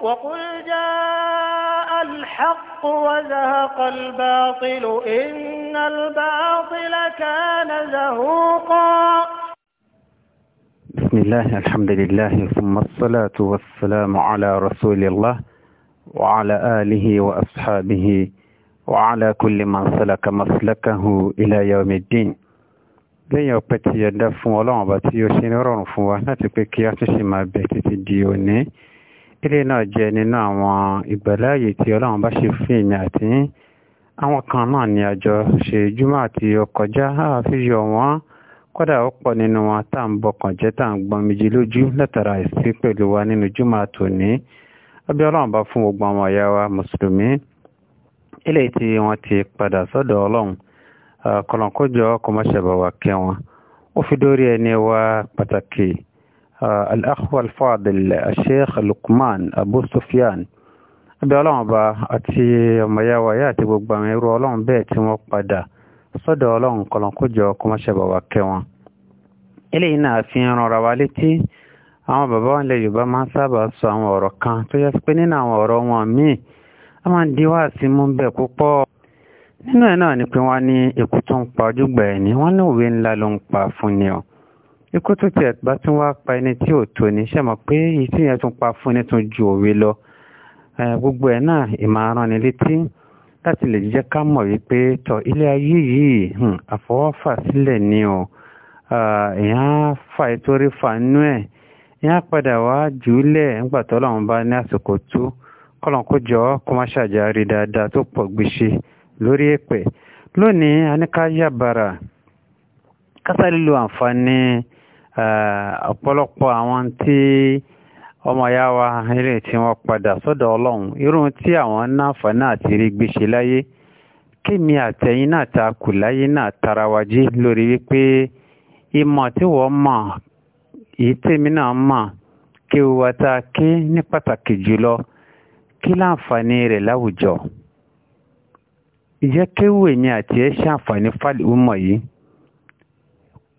وقل جاء الحق وزهق الباطل إن الباطل كان زهوقا بسم الله الحمد لله ثم الصلاة والسلام على رسول الله وعلى آله وأصحابه وعلى كل من سلك مسلكه إلى يوم الدين lẹ́yìn ọpẹ́ tí ẹ dá fún ọlọ́run ọba tí ó ṣe ní rọrùn fún wa láti kílé náà je nínú àwọn ìgbàláàyè tí ọlọ́run bá ṣe fún èmi àti àwọn kan náà ni àjọ ṣe júmọ́ àti ọkọjá àfihàn wọn kódà ó pọ̀ nínú wọn tá à ń bọkàn jẹ́ tá à ń gbọ́n méjì lójú látara pẹ̀lú wa nínú júmọ́ àtòní ọbẹ̀ ọlọ́run bá fún gbogbo àwọn wa mùsùlùmí tí wọ́n ti padà sọ́dọ̀ ọlọ́run kọlọ̀kọ́jọ́ kọmọ́ṣẹ́bà wà kẹwọn ó fi dórí ẹni الأخ الفاضل الشيخ لقمان أبو سفيان bí ọlọ́run bá àti ọmọyáwó ayé àti gbogbo àwọn irú ọlọ́run bẹ́ẹ̀ tí wọ́n padà sọ́dọ̀ ọlọ́run kọlọ́nkójọ kọmọṣẹ́bà wà kẹ́ wọn. eléyìí náà fi ń rọra wa létí àwọn bàbá wọn lè yorùbá máa ń sábà sọ àwọn ọ̀rọ̀ kan tó yẹ pé nínú àwọn ọ̀rọ̀ wọn míì a máa ń di wá sí mú bẹ́ẹ̀ púpọ̀. nínú ẹ̀ náà ni pé wọ́n ní èkú tó ń pa ojúgbà ẹ̀ ní wọ́n ní òwe ńlá ló ń pa fún ni ọ́ ikú tó tiẹ̀ bá tún wá pa ẹni tí ò tó ní ṣe mọ̀ pé èyí tí yẹn tún pa fún ẹni tún ju òwe lọ gbogbo ẹ̀ náà ìmọ̀ràn ni létí láti lè jẹ́ ká mọ̀ wípé tọ̀ ilé ayé yìí àfọwọ́fà sílẹ̀ ni o èèyàn fa ìtorí fa nú ẹ̀ èèyàn padà wá jùúlẹ̀ nígbà tó lọ́run bá ní àsìkò tó kọ́lọ́n kó jọ kó má ṣàjàre dáadáa tó pọ̀ gbèsè lórí èpè lónìí a ní ká yàbàrà kásálílo àǹfààní Eh, ọ̀pọ̀lọpọ̀ àwọn tí ọmọ ya wa eré tí wọ́n padà sọ́dọ̀ ọlọ́run irun tí àwọn náà ti rí gbèsè láyé kémi àtẹ̀yìn náà ta kù láyé náà tara wa jí lórí wípé ìmọ̀ tí wọ́n mọ̀ èyí tèmi náà mọ̀ ta ní pàtàkì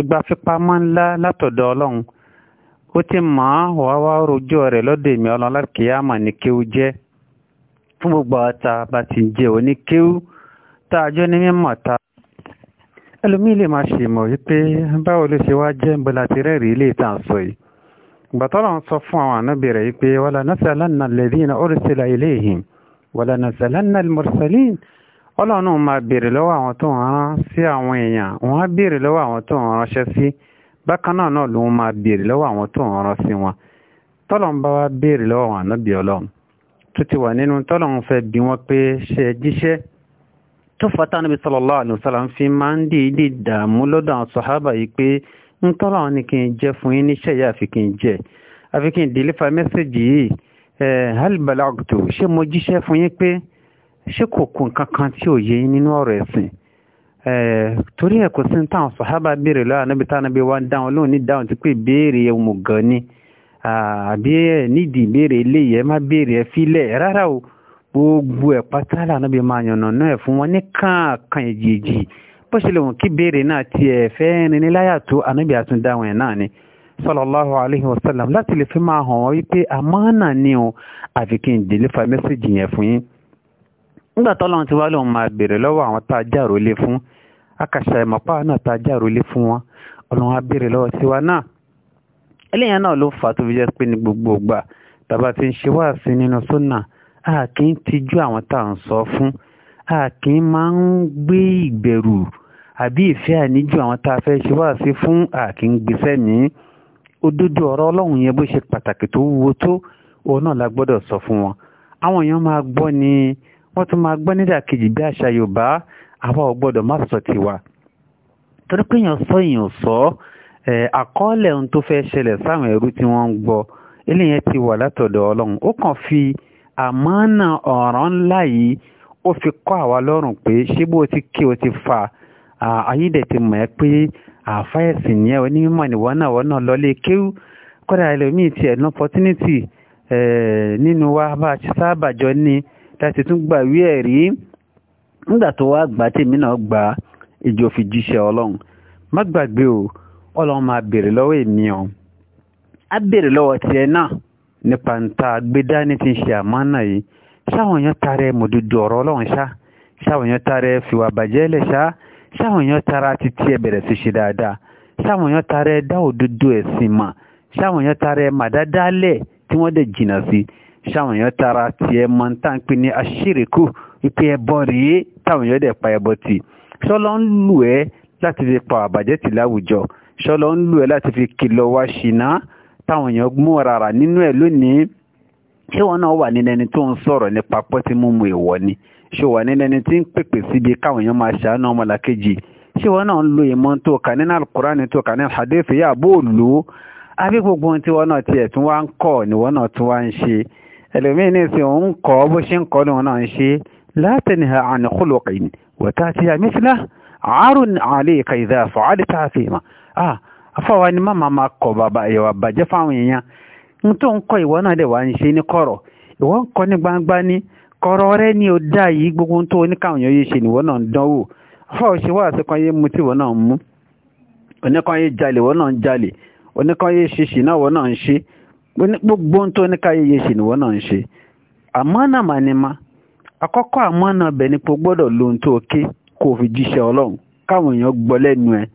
ìgbà fipamọ́ ńlá látọ̀dọ̀ ọlọ́run ó ti mọ̀ án wà wá rojọ́ rẹ̀ lọ́dọ̀ èmi ọlọ́run lákìyàmọ̀ ní kéwú jẹ́ fún gbogbo ọ̀tá bá ti jẹ́ òní kéwú tá a jọ ní mímọ̀ ta. ẹlòmíì lè máa ṣe mọ̀ wípé báwo ló ṣe wá jẹ́ ńbọ̀lá ti rẹ́rìí ilé ìtàn sọ yìí ìgbà tọ́lọ́run sọ fún àwọn ànábì rẹ̀ wípé wala nasalanna alladhina ursila ilayhim wala nasalanna almursalin ọlọ́run máa béèrè lọ́wọ́ àwọn tó ń rán sí àwọn èèyàn wọ́n á béèrè lọ́wọ́ àwọn tó ń ránṣẹ́ sí bákan náà náà ló máa béèrè lọ́wọ́ àwọn tó ń rán sí wọn tọ́lọ̀ ń bá wa béèrè lọ́wọ́ àwọn ànábì ọlọ́run tó ti wà nínú tọ́lọ̀ ń fẹ́ bí wọ́n pé ṣe é jíṣẹ́ tó fata níbi sallallahu alaihi wasallam fi máa ń dìídì dààmú lọ́dọ̀ àwọn sàhábà yìí pé ń tọ́lọ̀ ni kì í jẹ́ fún yín níṣẹ́ yìí àfi kì í jẹ́ àfi kì í dìlífà mẹ́sẹ̀gì yìí hal balagtu ṣé mo jíṣẹ́ fún yín pé ṣé kò kún kankan tí ò yé nínú ọ̀rọ̀ ẹ̀sìn torí ẹ̀ kò sí táwọn sọ̀hábà béèrè lọ́wọ́ anábì tánábì wá ń dáhùn lóun ní dáhùn tí pé béèrè ẹ̀ mú gan ni àbí ẹ̀ nídìí béèrè eléyìí ẹ̀ má béèrè ẹ̀ fílẹ̀ rárá o gbogbo ẹ̀ pátá lànàbì máa yànnà náà ẹ̀ fún wọn ní kàǹkàn èjìèjì bó ṣe lè wọ́n kí béèrè náà tiẹ̀ fẹ́ rinni láyà tó anábì àtúndáhùn ẹ̀ náà ni sallallahu alayhi wa sallam láti lè fi máa hàn wọ́n wípé àmánà ni o àfi kí n délé fa mẹ́sẹ̀jì yẹn fún yín nígbà tọ́lọ́run ti wá lóun máa béèrè lọ́wọ́ àwọn tá a jàrò lé fún akàṣà ìmọ̀pá náà tá a jàrò lé fún wọn ọlọ́run á béèrè lọ́wọ́ tiwa náà eléyàn náà ló fà á tó fi jẹ́ pé ní gbogbo ìgbà tàbá ti ń ṣe wáàsí nínú sọ́nà a kì í tijú àwọn tá à ń sọ fún a kì í máa ń gbé ìbẹ̀rù àbí ìfẹ́ àníjù àwọn tá a fẹ́ ṣe wáàsí fún a kì í gbèsè ní òdodo ọ̀rọ̀ ọlọ́run yẹn bó ṣe pàtàkì tó wúwo tó òun náà la gbọ́dọ̀ sọ fún wọn àwọn èèyàn máa gbọ́ ni wọ́n tún máa gbọ́ nídàkejì bí àṣà Yorùbá àwa ò gbọ́dọ̀ má sọ tiwa torí pé èèyàn sọ èèyàn sọ àkọọ́lẹ̀ ohun tó fẹ́ ṣẹlẹ̀ sáwọn ẹrú tí wọ́n ń gbọ́ eléyẹn ti wà látọ̀dọ̀ Ọlọ́run ó kàn fi àmánà ọ̀ràn ńlá yìí ó fi kọ́ àwa lọ́rùn pé ṣé bó ti kí o ti fa ayíǹde ti mọ̀ ẹ́ pé àfáyẹ̀sì ni ẹ onímọ̀ nìwọ náà wọ́n náà lọ́lé kéwú kódà tẹ́tí tún gba wí rí nígbà tó wá gbà tèmi náà gbà ìjọ fi jíṣẹ́ ọlọ́run má gbàgbé o ọlọ́run máa béèrè lọ́wọ́ èmi o á lọ́wọ́ náà nípa níta ti ń ṣe yìí èèyàn tara ẹ mòdodo ọ̀rọ̀ ọlọ́run ṣá ṣáwọn èèyàn tara ẹ tara ti tiẹ̀ bẹ̀rẹ̀ sí ṣe dáadáa èèyàn tara ẹ ẹ̀sìn ṣáwọn èèyàn tara tiẹ̀ mọ́ ń tà ń pè ní aṣíríkù ìpè ẹbọ rèé táwọn èèyàn dẹ̀ pa ẹbọ tì ṣọlọ ń lù ẹ́ láti fi pa àbàjẹ́ tì láwùjọ ṣọlọ ń lù ẹ́ láti fi kìlọ̀ wá ṣìnà táwọn èèyàn mú rárá nínú ẹ̀ lónìí ṣé wọn náà wà nínú ẹni tó ń sọ̀rọ̀ nípa pọ́tí mímu ìwọ ni ṣé wà nínú ẹni tí ń pèpè síbi káwọn èèyàn máa ṣàánú ọmọlàkejì ṣé wọn náà ń lo ìmọ̀ tó kà nínú alukurani tó kà nínú hadith yà bó lò ó àbí gbogbo ohun tí wọn náà tiẹ̀ tún wá ń kọ́ ni wọn náà tún wá ń ṣe ẹlòmíín ní ìsìn òun kọ́ bó ṣe ń kọ́ lóun náà ń ṣe látẹnìhà ànàkúlùkìn wọ̀tá àti àmísílá àárùn àlẹ́ ìka ìdá fọ́ọ́dẹ́ tá a fi mà á afọwọ́ ni má máa máa kọ̀ bàbá ìwà bàjẹ́ fáwọn èèyàn n tó ń kọ́ ìwọ náà lè wá ń ṣe ní kọ̀rọ̀ ìwọ ń kọ́ ní gbangba ní kọ̀rọ̀ rẹ ni ó dá yìí gbogbo tó oníkàwọn èèyàn yìí ṣe nìwọ náà ń dánwò afọwọ́ gbogbo tó ní káyẹyẹ ṣì ni wọ́n náà ń ṣe àmọ́nà mànímá àkọ́kọ́ àmọ́nà bẹ̀ ni pé gbọ́dọ̀ lo ohun tó ké fi jíṣẹ́ ọlọ́run káwọn èèyàn gbọ́ lẹ́nu ẹ̀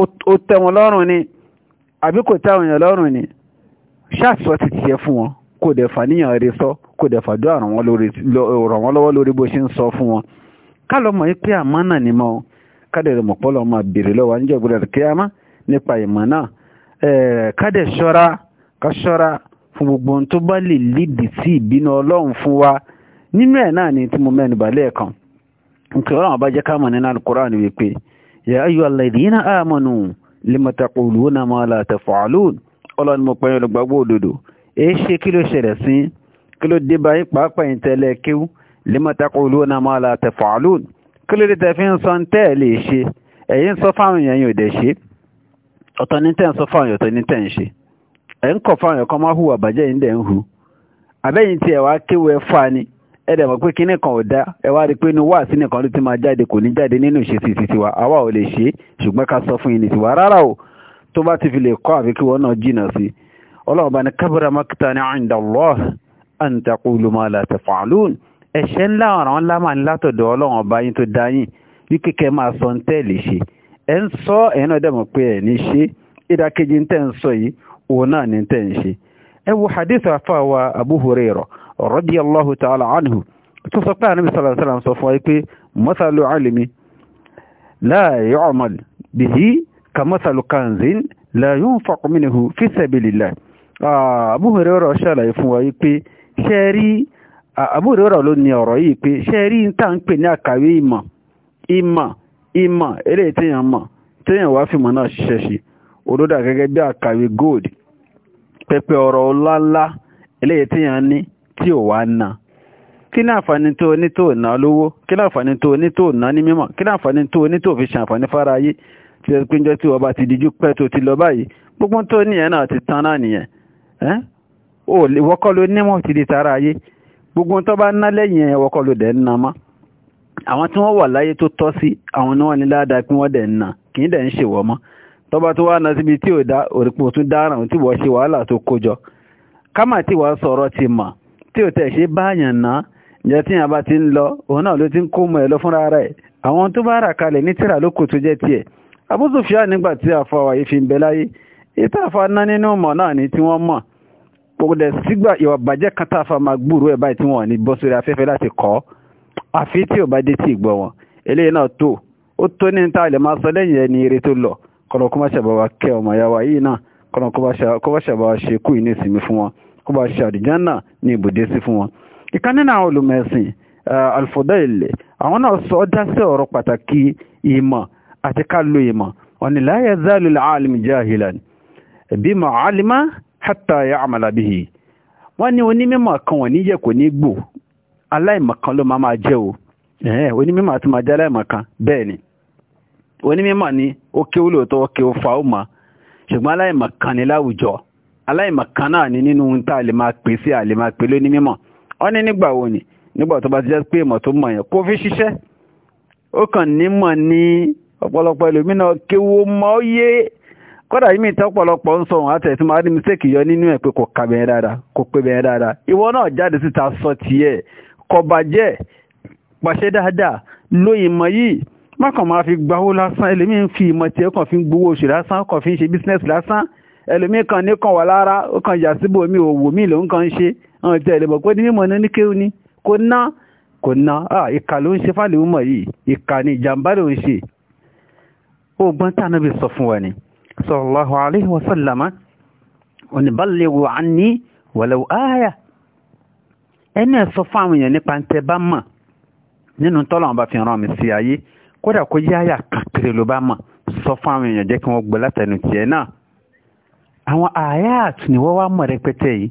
ó tẹ́ ni àbí kò tẹ́ àwọn èèyàn lọ́rùn ni ṣáàsọ ti tiẹ̀ fún wọn kò dẹ̀ fàníyàn rẹ sọ kò dẹ̀ fàdó ràn wọ́n lọ́wọ́ lórí bó ṣe ń sọ fún wọn ká lọ mọ̀ pé àmọ́nà ni mọ́ kádẹ̀rẹ̀ mọ̀pọ́ lọ́ máa béèrè lọ́wọ́ níjọ́ gbọ́dọ̀ kíámá nípa ìmọ̀ náà kádẹ̀ ṣọ́ra ká ṣọ́ra fún gbogbo ohun tó bá lè lédè sí ìbínú ọlọ́run fún wa nínú ẹ̀ náà ni tí mo mẹ́nu bà lẹ́ẹ̀kan nǹkan ọlọ́run bá jẹ́ ká mọ̀ nínú Al-Qur'an wípé ya ayyuhal ladhina amanu lima taquluna ma la taf'alun ọlọ́run mo pẹ́yìn olùgbàgbọ́ òdodo èé ṣe kí ló ṣẹlẹ̀ sí kí ló dé báyìí pàápàá tẹ́lẹ̀ kí ọ̀tọ̀ ní tẹ́ ń sọ fáwọn ọ̀tọ̀ ní tẹ́ ń ṣe ẹ̀ ń kọ̀ fáwọn ẹ̀kọ́ máa hùwà bàjẹ́ yìí ń dẹ̀ ń hu àbẹ́yìn tí ẹ̀ wá kéwu ẹ̀ fà ni ẹ̀ dẹ̀ mọ̀ pé kinní kan ò dá ẹ̀ wá rí i pé inú wáàsí nìkan ló ti máa jáde kò ní jáde nínú ìṣesí ti tiwa àwa ò lè ṣe ṣùgbọ́n ká sọ fún yín ní tiwa rárá o tó bá ti fi lè kọ́ àfi kí náà jìnnà sí ọlọ́run bá ní kábàrà mákìtà ní inda Allah an taqulu ma la taf'alun ẹ̀ṣẹ̀ ńlá ọ̀ràn ńlá máa ní ọlọ́run ọba yín tó dá yín wípé kẹ́ máa sọ ń tẹ́ẹ̀lì ṣe ẹ̀ ń sọ ẹ̀ náà dẹ̀ mọ̀ pé ẹ̀ ní ṣe ìdákejì ń tẹ̀ ń sọ yìí òun náà ní tẹ̀ ń ṣe ẹ wo hadith afáwa Abu Hurairah radiyallahu ta'ala anhu tó sọ pé àníbi sallallahu alaihi wasallam sọ fún wa pé mathalu alimi la yu'mal bihi ka mathalu kanzin la yunfaq minhu fi sabilillah Abu Hurairah ṣàlàyé fún wa pé ṣẹ́rí Abu Hurairah ló ní ọ̀rọ̀ yìí pé ṣẹ́rí ń tà ń pè ní àkàwé ìmọ̀ ìmọ̀ ìmọ̀ eléyìí téèyàn mọ̀ téèyàn wá fìmọ̀ náà ṣiṣẹ́ ṣe olódà gẹ́gẹ́ gold pẹpẹ ọ̀rọ̀ ọláńlá eléyìí téèyàn ní tí ò wá ná kí ní àǹfààní tó ní tó ná lówó kí ní àǹfààní tó ní tó ná ní mímọ̀ kí ni àǹfààní tó ní tó fi ṣàǹfààní fara ayé tí ó péjọ tí ọba ti dijú pẹ́ tó ti lọ báyìí gbogbo tó níyẹn náà ti tán náà nìyẹn ó wọ́kọ́ ló nímọ̀ ti di tara ayé gbogbo tó bá ná lẹ́yìn ẹ̀ wọ́kọ́ ló dẹ̀ ń ná mọ́ àwọn tí wọ́n wà láyé tó tọ́ sí àwọn ni wọ́n ní ládàá pé wọ́n dẹ̀ ń ná kì í dẹ̀ ń ṣèwọ́ mọ́ tọba tó wá náà síbi tí ò dá òrìpò tún dáràn tí wọ́n ṣe wàhálà tó kójọ kámà tí wàá sọ̀rọ̀ ti mà tí ò tẹ̀ ṣe báyàn náà ǹjẹ́ tí yàn bá ti ń lọ òun náà ló ti ń kó mọ̀ ẹ̀ lọ fúnra rẹ̀ àwọn tó bá rà kalẹ̀ ní tírà ló kò tó jẹ́ tiẹ̀ Abu Sufyan nígbà tí àfọ àwàyè fi ń bẹ láyé ìta àfa ná nínú mọ̀ náà ni tí wọ́n mọ̀ kò dẹ̀ sígbà ìwà bàjẹ́ kan tá a fa kọ́nà kó má ṣàbà wa kẹ́ ọmọ ìyá wa yìí náà kọ́nà kó bá ṣàbà wa ṣe kú ìní ìsinmi fún wọn kó bá ṣe àlùjánnà ní ibùdé sí fún wọn. ìkan nínú àwọn olùmẹ̀sìn Al-Fudail àwọn náà sọ ọ́ dá sí ọ̀rọ̀ pàtàkì ìmọ̀ àti ká lo ìmọ̀ wọn ni la yazalu al-alim jahilan bima alima hatta ya'mala bihi wọ́n ní onímọ̀ kan wọ́n ní yẹ kò ní gbò aláìmọ̀ kan ló máa máa jẹ́ o eh, onímọ̀ àti máa jẹ́ aláìmọ̀ kan bẹ́ẹ̀ ni onimimo ni ó kéwú lóòótọ́ ó kéwú fa ó mọ̀ ṣùgbọ́n aláìmọ̀ kan ala láwùjọ aláìmọ̀ kan náà ni nínú ohun tá a lè máa pè sí a lè máa pè lóní mímọ̀ ó ní nígbà wo ni nígbà tó bá ti jẹ́ pé ìmọ̀ tó mọ̀ yẹn kó fi ṣiṣẹ́ ó kàn nímọ̀ ní ọ̀pọ̀lọpọ̀ ẹlòmínà kéwú mọ́ yé kódà yìí mi tẹ́ ọ̀pọ̀lọpọ̀ ń sọ òun àtẹ̀ tí máa mistake yọ nínú ẹ̀ pé kò bẹ́ẹ̀ dáadáa kò pé bẹ́ẹ̀ dáadáa ìwọ náà jáde mákàn máa fi gbawó lásán ẹlòmíín fi ìmọ̀ tiẹ̀ kàn fi ń gbowó oṣù lásán kàn fi ń ṣe bísínẹ́sì lásán ẹlòmíín kan ní kàn wà lára ó kàn yà síbò mi òwò mi ló ń kàn ń ṣe ọ̀n tẹ̀ ẹ̀lẹ́bọ̀ pé ní mímọ̀ ní kéwù ni kò ná kò ná ìkà ló ń ṣe fáliwú mọ̀ yìí ìkà ni ìjàmbá ló ń ṣe. oògùn tá a náà sọ fún wa ni sallallahu alaihi wa sallama oníbàlẹ̀wò àní wàlẹ̀wò ááyà ẹni ẹ̀ sọ fún àwọn èèyàn nípa ń bá mọ̀ nínú tọ́lọ̀ àwọn bá fi ràn mí sí ayé kódà kó yá àyà kékeré ló bá mọ̀ sọ fún àwọn èèyàn jẹ́ kí wọ́n gbọ́ látẹnu tiẹ̀ náà àwọn àyàt ni wọ́n wá mọ̀ rẹpẹtẹ yìí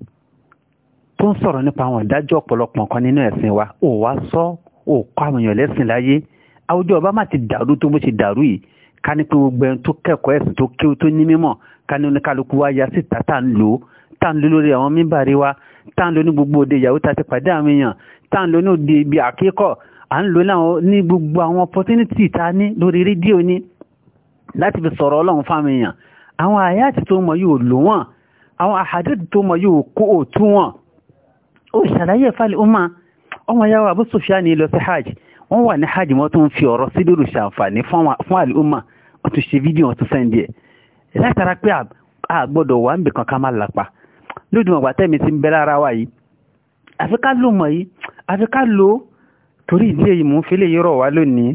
tó ń sọ̀rọ̀ nípa àwọn ìdájọ́ ọ̀pọ̀lọpọ̀ kan nínú ẹ̀sìn wa ò wá sọ ò kọ́ àwọn èèyàn lẹ́sìn láyé àwùjọ ọba má ti dàrú tó bó ṣe dàrú yìí ká ní pé gbogbo ẹni tó kẹ́kọ̀ọ́ ẹ̀sìn tó kéwú tó ní mímọ̀ ká ní oníkálukú wa ya síta tá à ń lò tá ń lò lórí àwọn mímbàrí wa tá ń lò ní gbogbo òde ìyàwó tá ti pàdé àwọn èèyàn tá ń lò ní òde ibi àkíkọ̀ à ń lò láwọn ní gbogbo àwọn opportunity ta ní lórí rédíò ní láti fi sọ̀rọ̀ ọlọ́run fáwọn èèyàn àwọn àyàtì tó mọ̀ yóò lò wọ́n àwọn àhàdìdì tó mọ̀ yóò kó òtú wọn ó ṣàlàyé fàlẹ̀ ó máa ọmọ yàwó Abu Sufyan ní lọ sí hajj wọ́n wà ní hajj wọ́n tún fi ọ̀rọ̀ sí lórí ṣàǹfààní fún àlùmọ̀ wọ́n tún ṣe fídíò wọ́n tún sẹ́ndì ẹ̀ látara pé àgbọ̀dọ̀ wà ń bìkan ká má lápa lódì wọn ti ń bẹ lára wa yìí àfi ká lò mọ̀ yìí àfi ká torí ilé ìmúfilẹ̀ yìí rọ̀ wá lónìí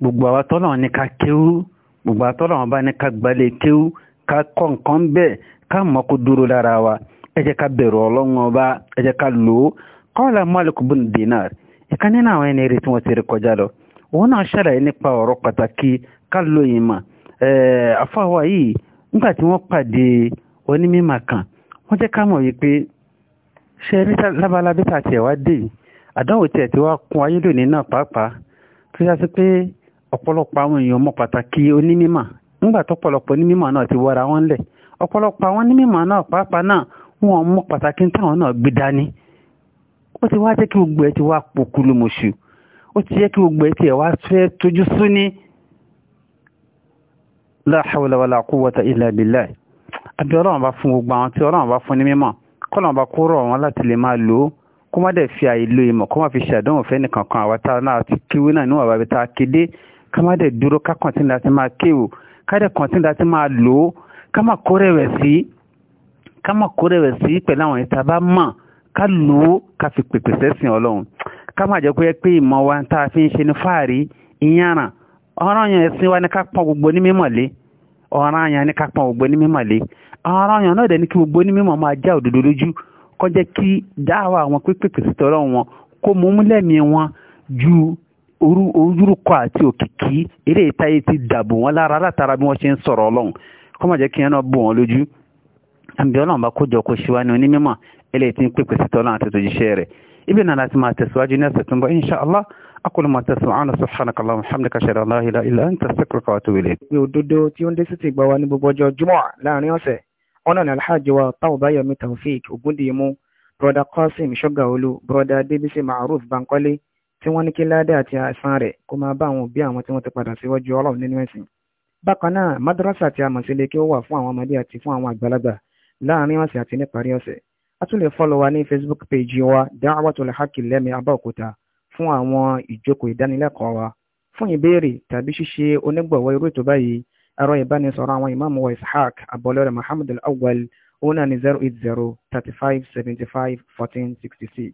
gbogbo àwa tọ́lọ̀ ní ká kéwú gbogbo àwa tọ́lọ̀ bá ní ká gbalẹ̀ kéwú ká kọ́ nǹkan bẹ́ẹ̀ ká mọ̀ kó dúró lára wa ẹ jẹ́ ká bẹ̀rù ọlọ́run ọba ẹ jẹ́ ká lò ó kọ́ọ̀lá Malik bin Dinar ìkan nínú àwọn ẹni rí tí wọ́n ti rí kọjá lọ òun náà ṣàlàyé nípa ọ̀rọ̀ pàtàkì ká lo ìmọ̀ àfáwà yìí nígbà tí wọ́n pàdé onímọ̀ kan wọ́n jẹ́ ká mọ̀ yìí pé ṣe rí labalábí tàti ẹ̀wá dé yìí àdánwò tí ẹ̀ ti wá kún ayé lónìí náà pàápàá tó yá sí pé ọ̀pọ̀lọpọ̀ àwọn èèyàn mọ̀ pàtàkì onímímọ̀ nígbà tó pọ̀lọpọ̀ onímímọ̀ náà ti wọra wọn lẹ̀ ọ̀pọ̀lọpọ̀ àwọn onímímọ̀ náà pàápàá náà wọn mọ̀ pàtàkì táwọn náà gbé dání ó ti wá jẹ́ kí gbogbo ẹ̀ ti wá pokulu mọ̀ṣù ó ti jẹ́ kí gbogbo ẹ̀ ti ẹ̀ wá fẹ́ tójú súní la hawla wala quwwata illa billah àbí ọlọ́run bá fún gbogbo àwọn tí ọlọ́run bá fún ní mímọ̀ kọ́lọ́run kó má dẹ̀ fi àyè lo ìmọ̀ kó má fi ṣàdánwò fẹ́ni kankan àwa tá náà ti kíwé náà níwọ̀n àbábí tá a kéde ká má dẹ̀ dúró ká kọ̀ǹtínú láti máa kéwò ká dẹ̀ kọ̀ǹtínú láti máa lò ó ká má kórè rẹ̀ sí ká má kórè rẹ̀ sí pẹ̀lú àwọn ìta bá mọ̀ ká lò ó ká fi pèpè sẹ́sìn ọlọ́run ká má jẹ́ pé pé ìmọ̀ wa tá a fi ń ṣe ní fáàrí ìyára ọ̀ràn yẹn ẹ̀sìn wa ní ká pọ́n kó jẹ́ kí dáhà wọn pípèpè sí tọ́lọ́ wọn kó mú múlẹ̀mí wọn ju orúkọ àti òkìkí eré ìtayé ti dàbò wọn lára látara bí wọ́n ṣe ń sọ̀rọ̀ ọlọ́run kó má jẹ́ kí yẹn náà bò wọ́n lójú àbí ọlọ́run bá kójọ kó ṣe wá ní onímọ̀ eléyìí tí ń pèpè sí tọ́lọ́run àti tòjíṣẹ́ rẹ̀ ibi náà láti máa tẹ̀síwájú ní ọ̀sẹ̀ tó ń bọ̀ insha allah akọlù máa tẹ̀síwájú subhanaka allahumma hamdika shara allah ila ila anta astaghfiruka wa atubu ilayk. òdodo tí ó ń dé sí ti gbà wá ní gbogbo ọjọ́ jùmọ̀ láàrin ọ̀sẹ̀ ọ̀nà ní alhaji wa tawubayomi taofik ogundiyimu broda qasim ṣọgaolu broda debisi maruf bankole tí wọ́n ní kí ládé àti àìsàn rẹ̀ kó máa bá àwọn òbí àwọn tí wọ́n ti padà síwájú ọlọ́run nínú ẹ̀sìn bákan náà madrasa àti amọ̀sílẹ̀ kí ó wà fún àwọn ọmọdé àti fún àwọn àgbàlagbà láàrin ọ̀sẹ̀ àti níparí ọ̀sẹ̀ a tún lè fọ́lọ̀ wa ní facebook page wa da'watul haqi lẹ́mí abáòkúta fún àwọn ìjókòó ìdánilẹ́kọ̀ọ́ wa fún ìbéèrè tàbí ṣíṣe onígbọ̀wọ́ irú ètò báyìí ẹ̀rọ ìbánisọ̀rọ̀ àwọn ìmáàmù wa ishaq abọ́lẹ́rẹ̀ muhammed al-awwal òun náà ni zero eight zero thirty five